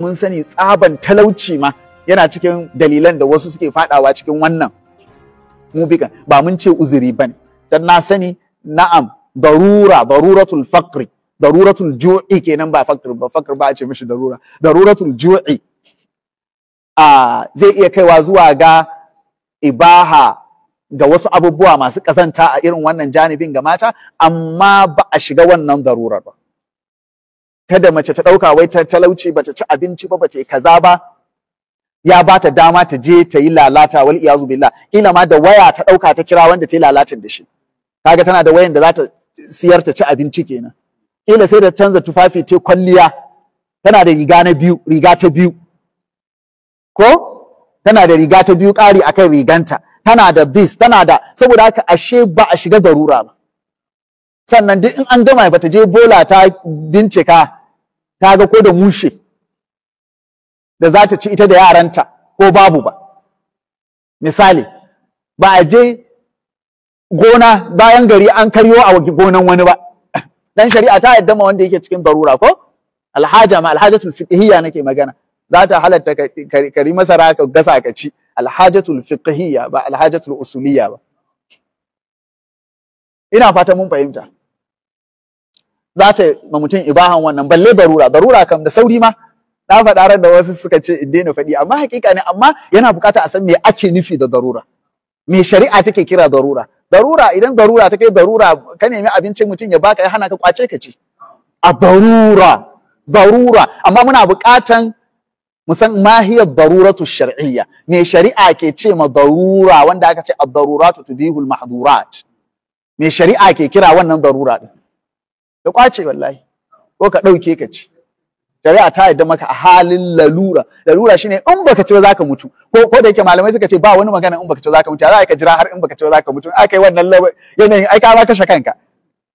mun sani tsaban talauci ma yana cikin dalilan da wasu suke fadawa cikin wannan bika ba mun ce uzuri bane dan na sani na'am darura daruratul faqri daruratul ju'i kenan ba faqr ba faqr ba a ce mishi darura daruratul ju'i a zai iya kaiwa zuwa ga ibaha ga wasu abubuwa masu kazanta a irin wannan janibin ga mata amma ba a shiga wannan darurar ba kada mace ta ɗauka wai ta talauci bata ci abinci ba bata yi kaza ba ya ba ta dama ta je ta yi lalata wal iyazu billah kila ma da waya ta ɗauka ta kira wanda ta yi lalacin da shi kaga tana da wayan da za ta siyar ta ci abinci kenan kila sai da canza tufafi ta kwalliya tana da riga na biyu riga ta biyu ko tana da riga ta biyu ƙari akan riganta tana da bis tana da saboda haka ashe ba a shiga garura ba sannan duk in an gama ba ta je bola ta bincika ta ga ko da mushe da za ta ci ita da yaranta ko babu ba misali ba a je gona bayan gari an karyo a gonan wani ba dan shari'a ta yadda ma wanda yake cikin barura ko alhaja ma alhajatul fiqhiyya nake magana za ta halatta kari masara ka gasa ka ci alhajatul fiqhiyya ba alhajatul usuliyya ba ina fata mun fahimta za ta ma mutum ibahan wannan balle barura barura kam da sauri ma na faɗa ran da wasu suka ce in daina faɗi amma hakika ne amma yana bukata a san me ake nufi da darura me shari'a take kira darura darura idan darura ta kai darura ka nemi abincin mutum ya baka ya hana ka kwace ka ci a darura darura amma muna bukatan mu san mahiyar daruratu shar'iyya me shari'a ke ce ma darura wanda aka ce ad-daruratu tudihul mahdurat me shari'a ke kira wannan darura din ka kwace wallahi ko ka ɗauke ka ci shari'a ta yadda maka a halin lalura lalura shine in baka ci ba zaka mutu ko ko da yake malamai suka ce ba wani magana in baka ci ba zaka mutu za ka jira har in baka ci ba zaka mutu akai wannan yanayin ai ka baka kashe kanka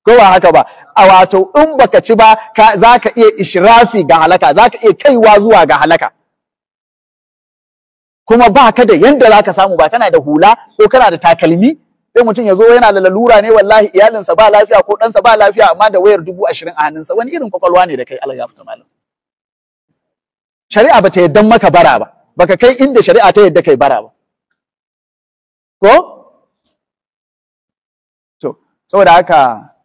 ko ba haka ba a wato in baka ci ba zaka iya ishrafi ga halaka zaka iya kaiwa zuwa ga halaka kuma ba ka da yanda zaka samu ba kana da hula ko kana da takalmi sai mutum ya zo yana da lalura ne wallahi iyalinsa ba lafiya ko ɗansa ba lafiya amma da wayar dubu ashirin a hannunsa wani irin kwakwalwa ne da kai Allah ya fita malam shari'a bata yaddan maka bara ba baka kai inda shari'a ta yadda kai bara ba ko to saboda haka